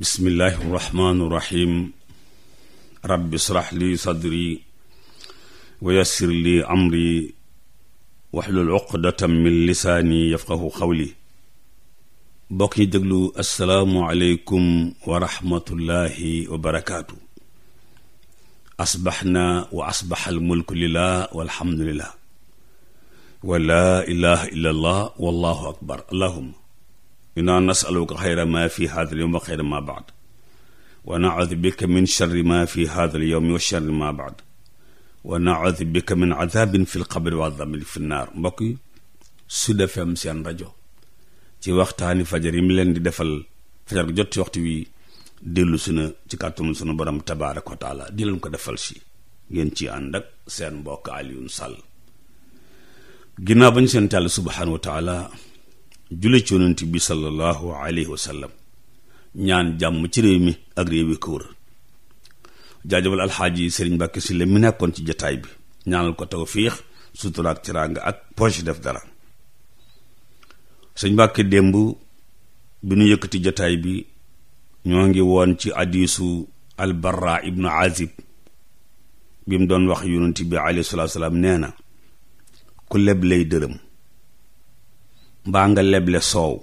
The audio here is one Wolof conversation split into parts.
bismillahi irrahmani irrahim rabbi israh li sadri wa yassir li amri waxlul uqdatan min lisaani yafqahu xawli bokk ñi déglu asalaamualeykum wa rahmatullahi wa barakaatu asbaxna wa asbaxa almulku lillah walhamdulillah wa laa ilaha illa allah wallahu akbar allahuma inaa nasaluka xayra ma fi hada al yowm wa xayra ma baad wa naudu bika min charri ma fi hada al yowmi wa charri ma baad wa naudu bika min adabin fi lqabri wa adabin fi nnaar mbokk yi Sud FM seen rajo ci waxtaani fajar yi mu leen di defal fajar gi jot ci waxtu wi dellu si na ci kàttanul sunu borom tabaaraka wa taala di leen ko defal si ngeen ci ànd ak seen mbokk Alioune Sall ginnaaw ba ñu seen tàll subhaanahu wa taala julli ci yonent bi sallallahu alayhi wa ñaan jàmm ci réew mi ak réew yi ko wër jaajëfal alxaaji Sëriñ Mbàkke Sylla mi nekkoon ci jataay bi ñaanal ko tawfiix sutura ak teraanga ak poche def dara sëñ Mbàkke démb bi nu yëkkati jataay bi ñoo ngi woon ci hadiisu albarra ibnu azib bi mu doon wax yonent bi alayhi salaatu wa salaam nee na ku leb lay dërëm mbaa nga leble soow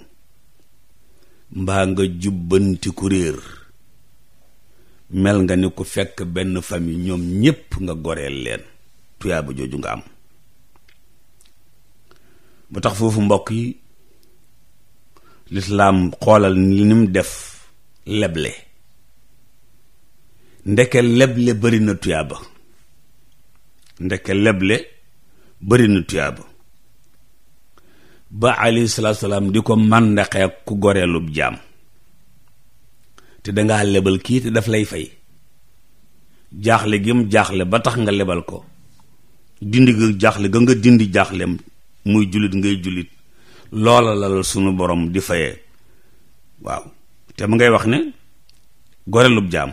mbaa nga jubbanti ku réer mel nga ni ku fekk benn famille ñoom ñépp nga goreel leen tuyaaba jooju nga am ba tax foofu mbokk yi lislaam xoolal ni nim def leble ndeke leble bari na tuyaaba ndeke leble bari na tuyaaba ba alayhi salaam di ko màndaxee ku goreelub jaam te dangaa lebal kii te daf lay fay jaaxle gi mu jaaxle ba tax nga lebal ko dindi ga jaaxle ga nga dindi jaaxlem muy jullit ngay jullit loola la sunu borom di fayee waaw te mu ngay wax ne goreelub jaam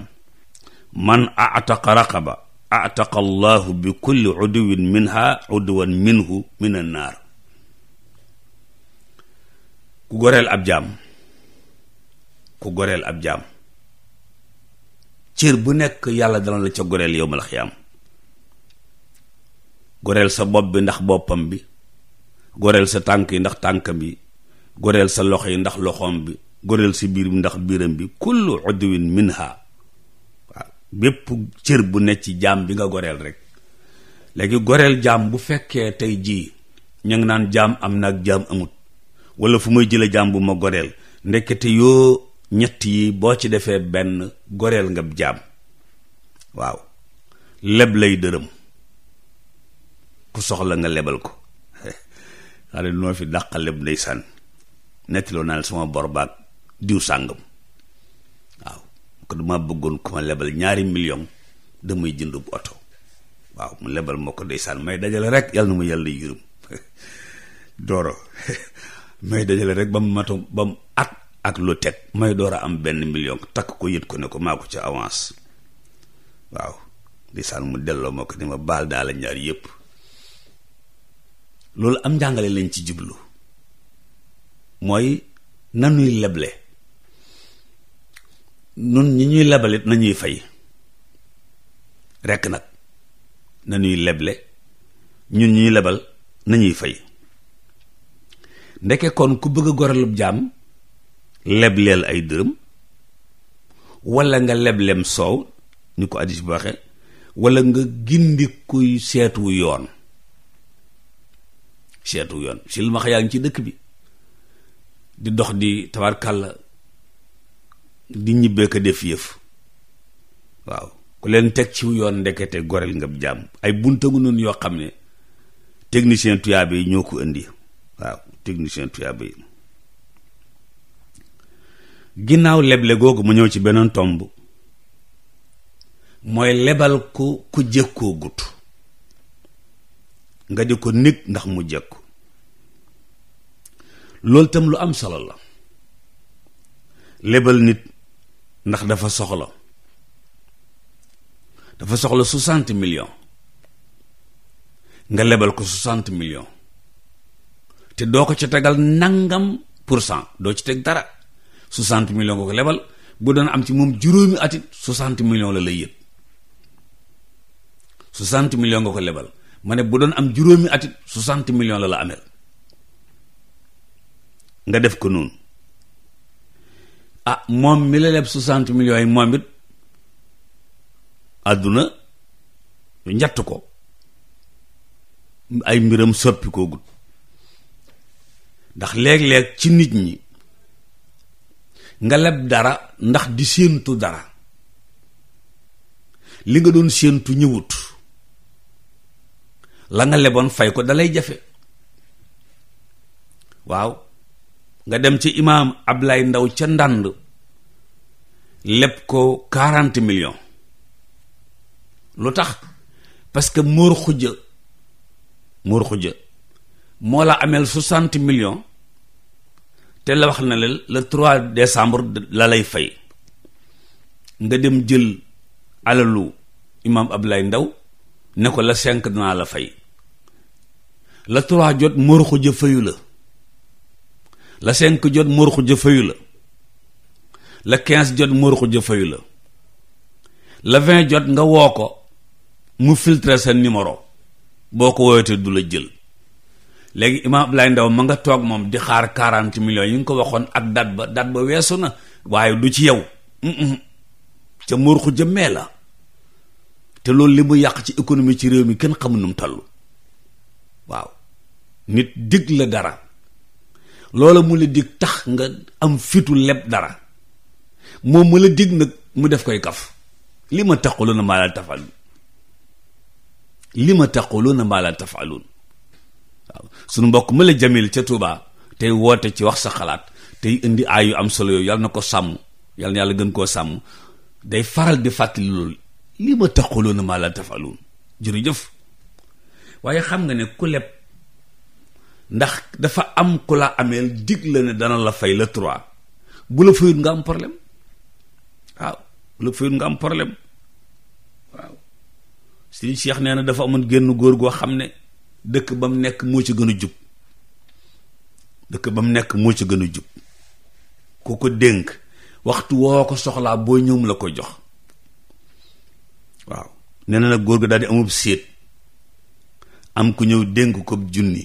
man ataqa raqaba ataqa allahu bi kulli uduwin minha uduwan minhu min an naar ku goreel ab jaam ku goreel ab jaam cër bu nekk yàlla dana la ca goreel yow ma la xiyaam goreel sa bopp bi ndax boppam bi goreel sa tànk yi ndax tànkam bi goreel sa loxo yi ndax loxoom bi goreel si biir bi ndax biiram bi kullu udwin minha waaw bépp cër bu nekk ci jaam bi nga goreel rek léegi goreel jaam bu fekkee tey jii ñu ngi naan jaam am na ak jaam amut wala fu may jële jaam bu ma goreel ndekete yoo ñett yi boo ci defee benn goreel nga jaam waaw leb lay dërëm ku soxla nga lebal ko xale lu ma fi dàqa leb ndeysaan nettiloo naa sama bor baag diw sàngam waaw ko dama bëggoon ku ma lebal ñaari million damay jënd bu oto waaw mu lebal moo ko ndeysaan may dajale rek yàlla na ma yàlla yërëm dooro may dajale rek ba mu matum ba mu at ak lu teg may door a am benn million takk ko yët ko ne ko maa ko ci avance waaw di saan mu delloo ma ko ni ma baal daal la yëpp loolu am njàngale lañ ci jublu mooy nanuy leble nun ñi ñuy lebalit nañuy fay rekk nag nanuy leble ñun ñuy lebal nañuy fay ndeke kon ku bëgg a goralub jaam lebleel ay dërëm wala nga leblem soow ñu ko addis bi waxee wala nga gindi kuy seetu yoon seetu yoon silmaxa yaa ngi ci dëkk bi di dox di tabarkàlla di ñibbee ko def yëf waaw ku leen teg ci yoon ndekete gorel nga jàmm ay bunta ngu noonu yoo xam ne technicien tuyaab yi ñoo ko indi waaw technicien tuyaaba yi ginnaaw leble googu mu ñëw ci beneen tomb mooy lebal ko ku jëkkoo gut nga di ko nég ndax mu jëkku loolu tam lu am solo la lebal nit ndax dafa soxla dafa soxla soixante million nga lebal ko soixante million te doo ko ci tegal nangam pour cent doo ci teg dara soixante millions nga ko lebal bu doon am ci moom juróomi atit soixante millions la lay yëpp soixante millions lebal ma ne bu doon am juróomi atit soixante millions la la amel nga def ko noonu a ah, moom mi la leb soixante millions yi moom it àdduna njatt ko ay mbiram soppi koo gut ndax léeg-léeg ci nit ñi nga leb dara ndax di séentu dara li nga doon séentu ñëwut la nga leboon fay ko dalay jafe waaw nga dem ci imaam Ablaay Ndaw ca ndànd leb ko quarante millions lu tax parce que móor xujja moo la ameel soixante million te la wax na leen le trois décembre la lay fay nga dem jël alalu imaam Ablaye Ndaw ne ko la cinq dinaa la fay la trois jot mor xuja fayu la la cinq jot mor xuja fayu la la quinze jot mor xuja la la vingt jot nga woo ko mu filtre sa numéro boo ko woyatee du la jël léegi imaam Abdoulaye Ndaw ma nga toog moom di xaar quarante millions yi nga ko waxoon ak dat ba dat ba weesu na waaye du ci yow ca murxu jëmmee la te loolu li mu yàq ci économie ci réew mi kenn xamu nu mu waaw nit dig la dara loola mu la dig tax nga am fitu leb dara moom mu la dig nag mu def koy kaf li ma taquluna maa la tafaluun li ma taquluna maa la tafaluun waaw sunu mbokk mala jamil ca Touba tey woote ci wax sa xalaat tey indi aay yu am solo yooyu yàlla na ko sàmm yàlla na yàlla gën koo sàmm day faral di fàttali loolu li ma taquluuna maa laa tafaluun xam nga ne ku ndax dafa am ku la ameel dig la ne la fay le trois bu la fayut nga am problème waaw bu la fayut nga am na dafa amoon génn góor goo xam ne dëkk ba mu nekk moo ci gën a jub dëkk ba mu nekk moo ci gën a jub ku ko dénk waxtu woo ko soxlaa boo ñëwum la ko jox waaw nee na nag góor gi daal di amub séet am ku ñëw dénk ko junni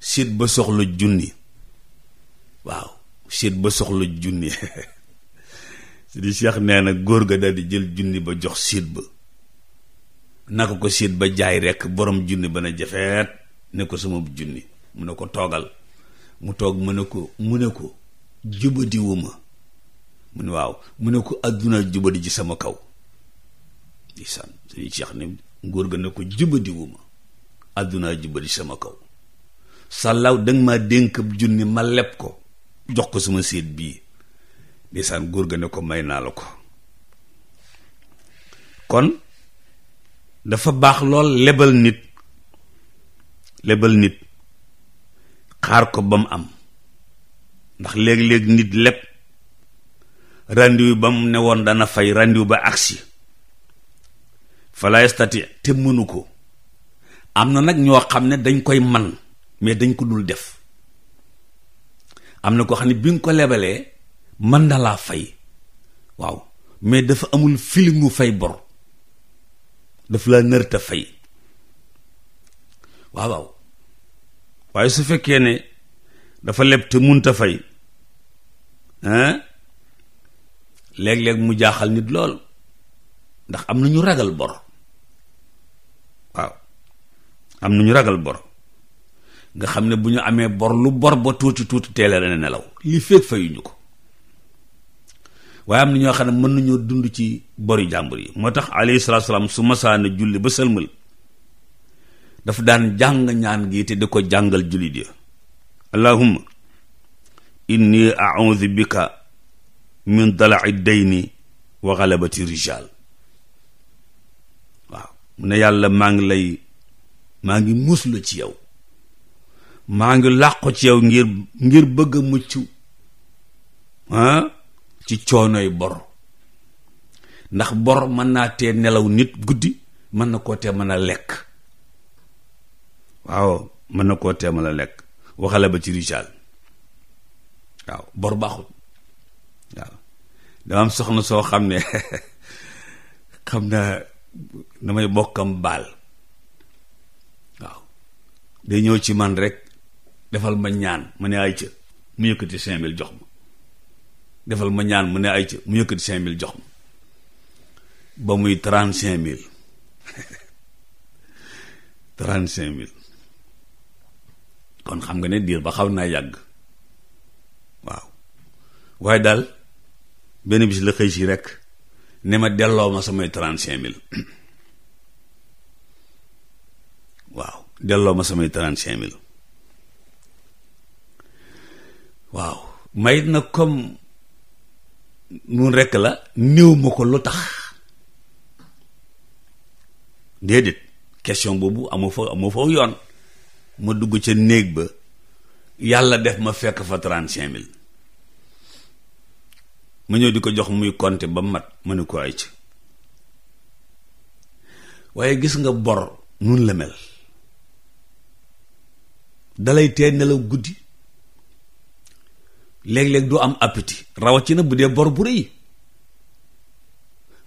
séet ba soxla junni waaw séet ba soxla junni si di Cheikh nee na góor ga daal di jël junni ba jox séet ba naka ko siit ba jaay rekk boroom junni ba na jafeet ne ko sama junni mu ne ko toogal mu toog mu ne ko mu ne ko jubadiwu ma mu ne waaw mu ne ko adduna jubadi ji sama kaw di san suñu ceex ni nguur ga ne ko jubadiwu jubadi sama kaw sàllaw danga ma dénkab junni ma leb ko jox ko sama séet bii di san góor ga ne ko may naa la ko kon dafa baax lool lebal nit lebal nit xaar ko ba mu am ndax léeg-léeg nit leb rendiw ba mu ne woon dana fay rendiw ba agsi fala yastati te mënu ko am na nag ñoo xam ne dañ koy man mais dañ ko dul def am na ko xam ne bi nga ko lebalee mën na laa fay waaw mais dafa amul feelingu fay bor daf laa nërta fay waaw waaw waaye su fekkee ne dafa leb te munta fay hein léeg-léeg mu jaaxal nit lool ndax am na ñu ragal bor waaw am na ñu ragal bor nga xam ne bu ñu amee bor lu bor ba tuuti tuuti teele la nelaw li fekk fayuñu ko waaye am na ñoo xam ne mën nañoo dund ci bori jàmbur yi moo tax alayhi salaatu salaam su masaana julli ba sëlmal dafa daan jàng ñaan gi te di ko jàngal jullit ya allahumma inni a'udhu bika min dala'i dayni wa ghalabati rijal waaw mu ne yàlla maa ngi lay maa ngi muslu ci yow maa ngi làqu ci yow ngir ngir bëgg a mucc ah ci coonoy bor ndax bor mën naa tee nelaw nit guddi mën na koo tee mën a lekk waaw mën na koo tee mën a lekk waxale ba ci rijaal waaw bor baaxul waaw soxna soo xam ne xam naa damay bokkam baal waaw day ñëw ci man rek defal ma ñaan ma ne ay ca mu yëkkati cinq mille jox ma defal ma ñaan mu ne ay ci mu yëkkati cinq mille jox ma ba muy trente cinq mille trente cinq mille kon xam nga ne diir ba xaw naa yàgg waaw waaye daal benn bis la xëy si rek ne ma delloo ma samay trente cinq mille waaw delloo ma samay trente cinq mille waaw may it nag comme nun rekk la néew ma ko lu tax déedéet question boobu amoo fa amoo fa yoon ma dugg ca néeg ba yàlla def ma fekk fa trente-cinq mille ma ñëw di ko jox muy compter ba mat ma ne ko ay ci waaye gis nga bor nun la mel dalay tee nelaw guddi léeg-léeg du am appétit rawatina bu dee bor bu rëy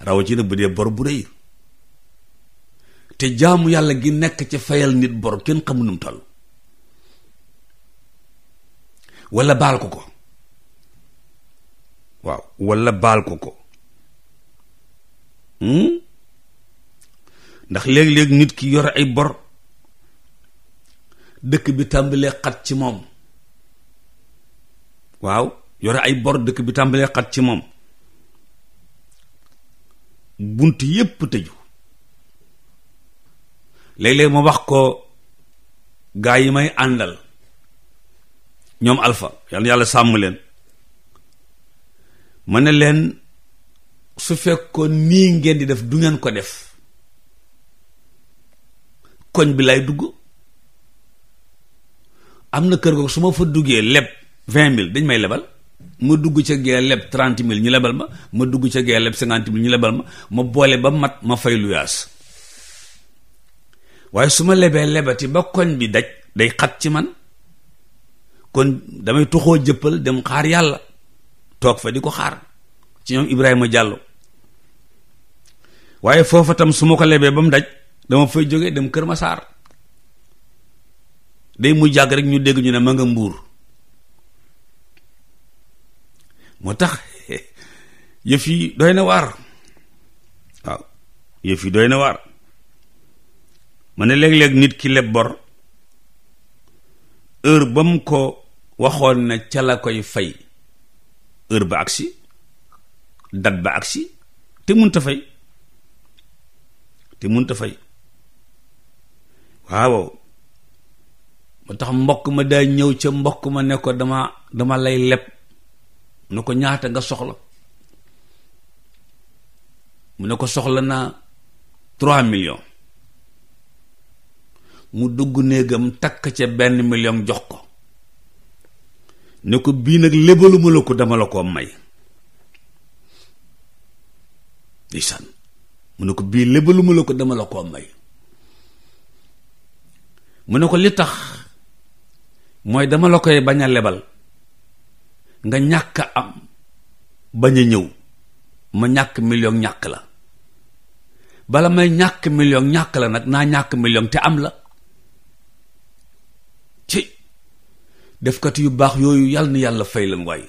rawatina bu dee bor bu rëy te jaamu yàlla gi nekk ci fayal nit bor kenn xamu nu mu toll wala baal ko ko waaw wala baal ko ko hmm? ndax léeg-léeg nit ki yore ay bor dëkk bi tàmbalee xat ci moom waaw yore ay bor dëkk bi tàmbalee xat ci moom bunt yépp tëju léeg-léeg ma wax ko gaa yi may àndal ñoom alfa yàlla yàlla sàmm leen ma ne leen su fekkoon nii ngeen di def du ngeen ko def koñ bi lay dugg am na kër googu su ma fa duggee lépp vingt mille dañ may lebal ma dugg ca gee leb trente mille ñu lebal ma ma dugg ca gee leb cinquante mille ñu lebal ma ma boole ba mat ma fay luyaas waaye su ma lebee lebati ba koñ bi daj day xat ci man kon damay tuxoo jëppal dem xaar yàlla toog fa di ko xaar ci ñoom Ibrahima Diallo waaye foofu tam su ma ko lebee ba mu daj dama fay jógee dem Kër Masaar day mu jàgg rek ñu dégg ñu ne ma nga mbuur moo tax yëf yi doy na waar waaw yëf yi doy na waar ma ne léeg-léeg nit ki leb bor heure ba mu ko waxoon na ca la koy fay heure ba agsi dat ba agsi te munta fay te munta fay waaw moo tax mbokk ma daa ñëw ca mbokk ma ne ko dama dama lay leb mu ne ko ñaata nga soxla mu ne ko soxla naa trois millions mu dugg néegam takk ca benn million jox ko ne ko bii nag lébaluma la ko dama la ko may mu ne ko bii lébaluma la ko may mu ne ko li tax mooy dama la koy bañ a lebal nga ñàkk am bañ a ñëw ma ñàkk million ñàkk la bala may ñàkk million ñàkk la nag naa ñàkk million te am la ci def defkat yu baax yooyu yal na yàlla fay leen waaye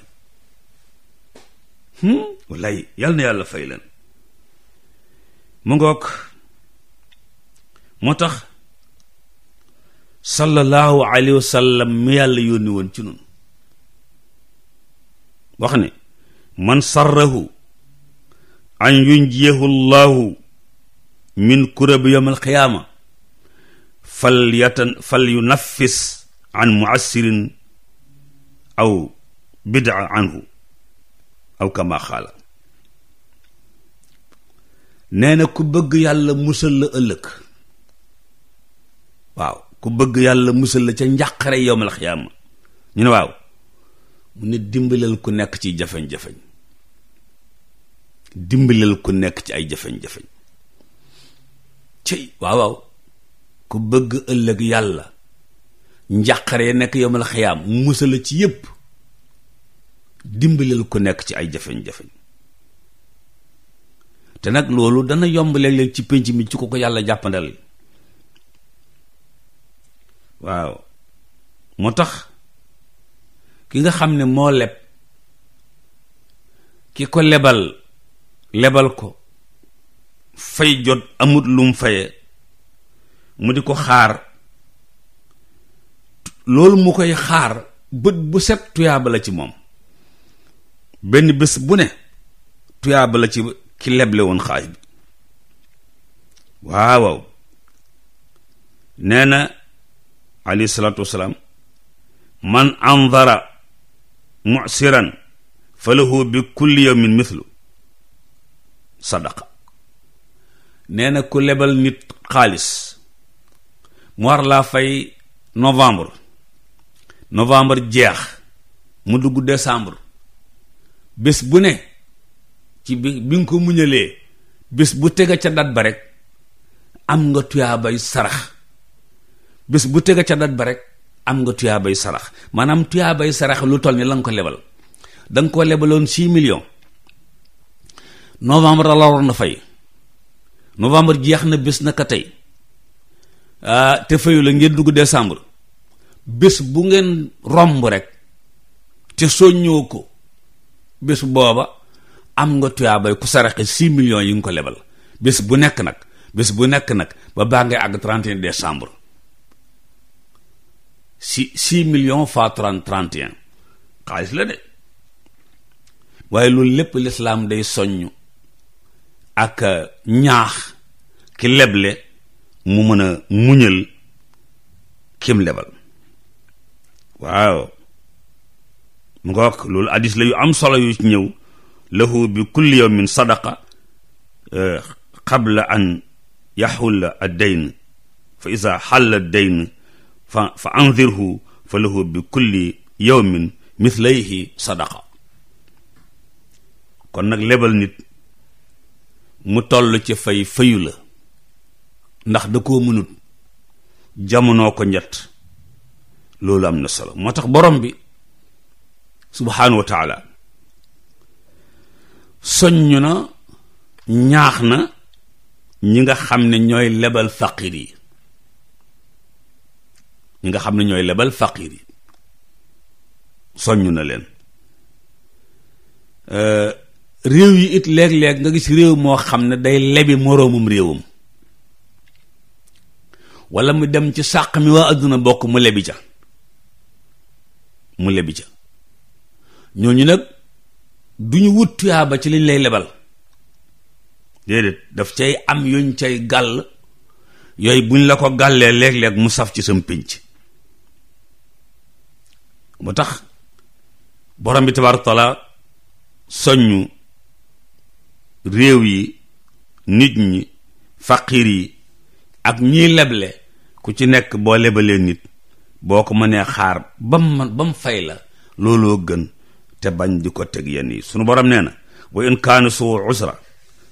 hmm? wallaay yal na yàlla fay leen mu ngoog moo tax sallallahu alayhi wa sallam mi yàlla yónni woon ci noonu wax ni man sarrahu an yunjiyahu llahu min kurabi yowm alqiyaama fal yatan fal yunaffis an muassirin aw bidaa anhu aw kama xaala nee na ku bëgg yàlla musal la ëllëg waaw ku bëgg yàlla musal la ca njàqare yowmal xiyaama ñu ne waaw mu ne dimbalal ku nekk ci jafañ-jafañ dimbalal ku nekk ci ay jafañ-jafañ ci waaw waaw ku bëgg ëllëg yàlla njàqare nekk yomal xiyaam musala ci yépp dimbalal ku nekk ci ay jafañ-jafañ te nag loolu dana yomb léeg leen ci pénc mi ci ko ko yàlla jàppandal waaw moo tax ki nga xam ne moo leb ki ko lebal lebal ko fay jot amut lum faye mu di ko xaar loolu mu koy xaar bët bu set tuyaaba ci moom benn bés bu ne tuyaaba la ci ki leble woon xaaj bi waaw nee na alayhi salaatu wasalaam man andara mucsiran fa lahu bi kulli yawmin mithlu sadaqa nee na ku lebal nit xaalis mu war laa fay novembre novembre jeex mu dugg décembre bés bu ne ci bi bi nga ko muñalee bés bu tega ca dat ba rek am nga tuyaabay sarax bés bu tega ca dat ba rek am nga tuyaabay sarax maanaam tuyaabay sarax lu toll ni la nga ko lebal da nga ko lebaloon six millions novembre la waroon na fay novembre jeex na bés naka tey ah, te fayu la ngeen dugg décembre bés bu ngeen romb rek te soññoo ko bés booba am nga tuyaabay ku saraxe six millions yi nga ko lebal bés bu nekk nag bés bu nekk nag ba baa ngay àgg 31 décembre si six millions fois trente trente un xaalis la de waaye loolu lépp lislaam day soññ ak euh, ñaax ki leble mu mën a muñal kim lebal waaw mu nga wax loolu addis la yu am solo yu ñëw lahu bi kulli yawmin sadaqa euh, qabla an yaxulla ad dayn fa isa xalla ad dayn fa fa andirhu fa lahu bi kulli yawmin mithlayhi sadaqa kon nag lebal nit mu toll ci fay fayu la ndax da ko mënut jamono ko njat loolu am na solo moo tax borom bi subhaanahu wa taala soññ na ñaax na ñi nga xam ne ñooy lebal faqir yi ñi nga xam ne ñooy lebal faqir yi soññ na leen euh, réew yi it léeg-léeg nga gis réew moo xam ne day lebi moroomum réewam wala mu dem ci sàq mi waa àdduna bokk mu lebi ca mu lebi ca ñooñu nag du ñu wut tuyaaba ci liñ lay lebal déedéet daf cay am yuñ cay gàll yooyu buñ la ko gàllee léeg-léeg mu saf ci sam pénc mu tax borom bi tabaaraka taala soññu réew yi nit ñi faqiir yi ak ñiy leble ku ci nekk boo lebalee nit boo ko mënee xaar ba mu fay la looloo gën te bañ di ko teg yenn yi sunu borom nee na wa in kaana suu usra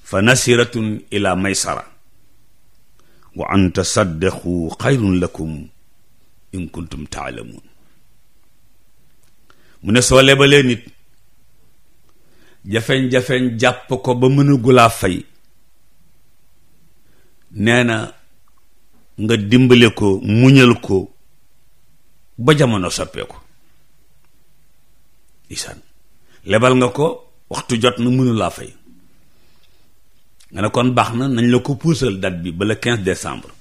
fa nasiratun ila maysara wa an tasaddaqu xayrun lakum in kuntum taalamuun mu ne soo lebalee nit jafeñ-jafeñ jàpp ko ba mënagulaa fay nee na nga dimbale ko muñal ko ba jamono soppee ko isaan lebal nga ko waxtu jot na mënulaa fay nga ne kon baax na nañ la ko puusal date bi ba le quinze décembre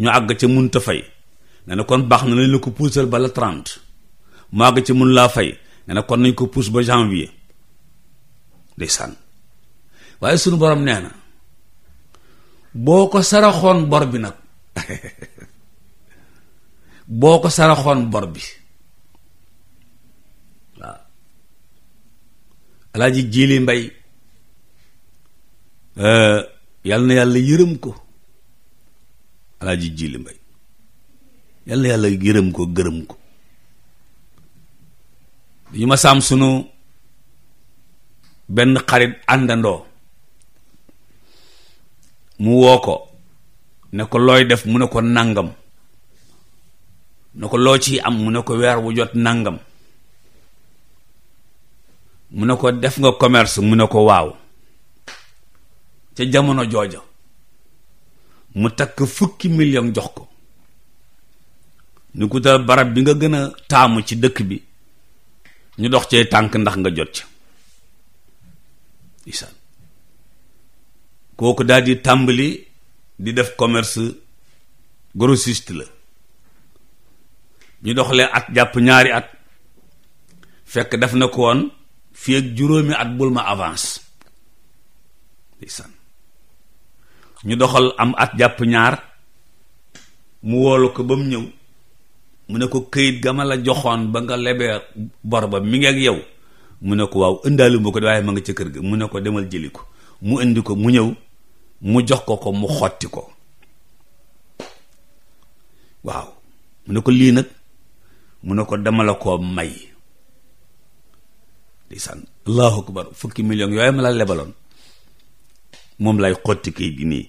ñu àgg ca munta fay nga ne kon baax na nañ la ko puusal ba le trente maa nga ci mun laa fay nga ne kon nañ ko pousse ba janvier san waaye sunu borom nee na boo ko saraxoon bor bi nag boo ko saraxoon bor bi waaw alaaji jiili mbay euh, yal na yàlla yërëm ko alaaji jiili mbay yal na yàlla yërëm ko gërëm ko yu ma saam sunu benn xarit àndandoo mu woo ko ne ko looy def mu ne ko nangam ne ko loo ci am mu ne ko weer wu jot nangam mu ne ko def nga commerce mu ne ko waaw ca jamono jooja mu takk fukki million jox ko ni ko tal barab bi nga gën a taamu ci dëkk bi ñu dox cee tànk ndax nga jot ca kooku daal di tàmbali di def commerce grossiste la ñu doxalee at jàpp ñaari at fekk def na ko woon fii ak juróomi at bul ma avance isaan ñu doxal am at jàpp ñaar mu woolu ko ba mu ñëw mu ne ko këyit ga ma la joxoon ba nga lebee bor ba mi yow mu ne ko waaw ëndaalu ma ko ma nga ca kër ga mu ne ko demal jëli ko mu indi ko mu ñëw mu jox ko ko mu xotti ko waaw ko lii nag mu ne ko dama la koo may di san allahu akbar fukki million yooyu ma la lebaloon moom lay xotti këyit gi nii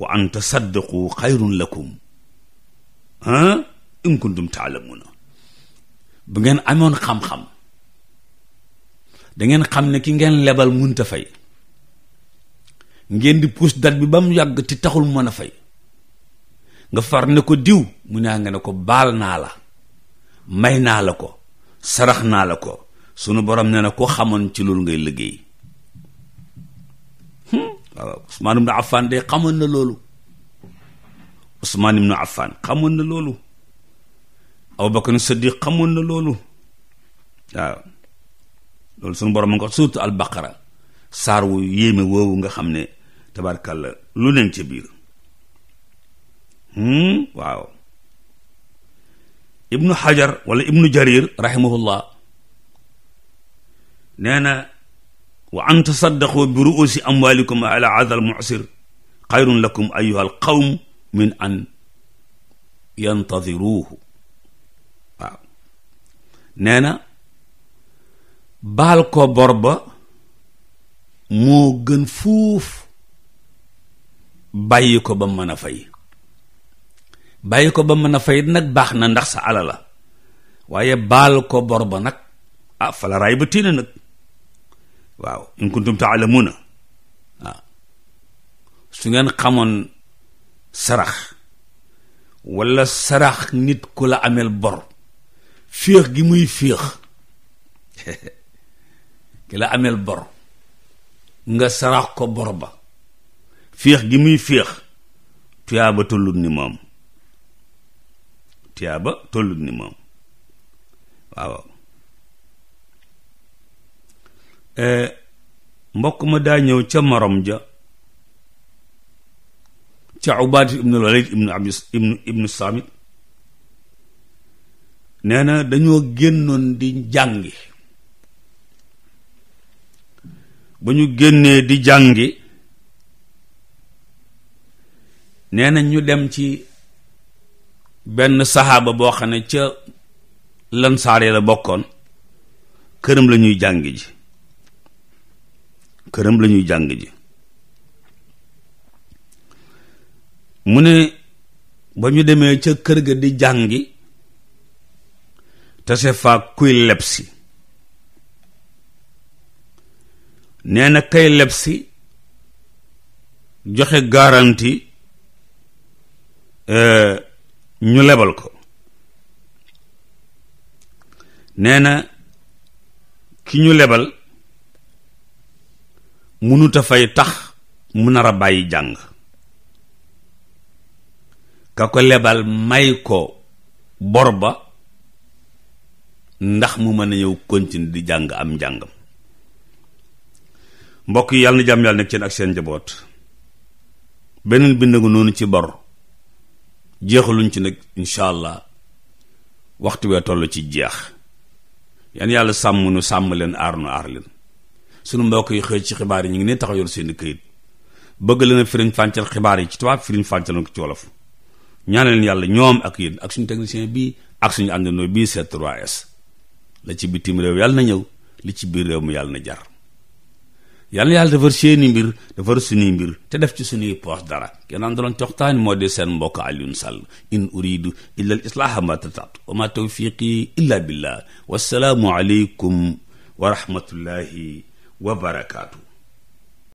wa an tasaddaqu xayrun lakum in kuntum taalamuuna bu ngeen amoon xam-xam dangeen xam ne ki ngeen lebal munta fay ngeen di puus dat bi ba mu yàgg te taxul mën a fay nga far ne ko diw mu ne nga ko baal naa la may naa la ko sarax naa la ko sunu borom ne na ko xamoon ci loolu ngay liggéey hmm? waaw Usmaan ibnu de xamoon na loolu Usmaan ibnu Affaan xamoon na loolu Abubakar Siddiq xamoon na loolu waaw loolu sunu borom mu ngi ko surtout albaqara saar wu yéeme woowu nga xam ne tabarkalla lu leen ca biir hmm? waaw ibnu xajar wala ibnu jarir rahimahullah nee na wa an tasaddaqu bi ruusi amwalikum ala hada al mu'sir xayrun lakum ayuha al qawm min an yantadiruuhu nee na baal ko bor ba moo gën fuuf bàyyi ko ba mën a fay bàyyi ko ba mën a fay nag baax na ndax sa ala la waaye baal ko bor ba nag ah fala raay ba tiina nag waaw in kuntum taalamuuna waaw ah. su ngeen xamoon sarax walla sarax nit ku la ameel bor féex gi muy féex ki la ameel bor nga sarax ko bor ba féex gi muy féex tuyaaba tollut ni moom tuyaaba tollut ni moom eh, mbokk ma daa ñëw ca morom ja ca ubaat ibnu walid ibnu abdi ibnu ibnu samit neena dañoo génnoon di jàngi ba ñu génnee di jàngi nee ñu dem ci benn saxaaba boo xam ne ca lansaar ya la bokkoon këram la ñuy jàng ji këram la ñuy jàng ji mu ne ba ñu demee ca kër ga di jàngi tase faag kuy lebsi nee na kay lebsi joxe garanti euh, ñu lebal ko nee na ki ñu lebal mënuta fay tax mu nar a bàyyi jàng ka ko lebal may ko borba ndax mu mën a yow continue di jàng am njàngam mbokk yi yàlla na jàmm yàlla nekk seen ak seen njaboot beneen bind nga noonu ci bor jeexaluñ ci nag incha allah waxtu wee toll ci jeex yan yàlla sàmm nu sàmm leen aar nu aar leen sunu mbokk yi xëy ci xibaar yi ñu ngi ne tax yor seeni këyit bëgg leen a firiñ fàncal xibaar yi ci tubaab firiñ fàncal ko ci wolof ñaanal leen yàlla ñoom ak yéen ak suñu technicien bi ak suñu àndandoo bii c 3 la ci bitim réew yàlla na ñëw li ci biir rew mi yàlla na jar yàlla na yàlla defar seeni mbir defar suñuy mbir te def ci suñuy poos dara kenaan doon coxtaani moo di seen mbokk Alioune Sall in uridu illa al islaaha ma tataat wa ma tawfiqi illa billah wassalaamu aleykum wa rahmatullahi wa barakaatu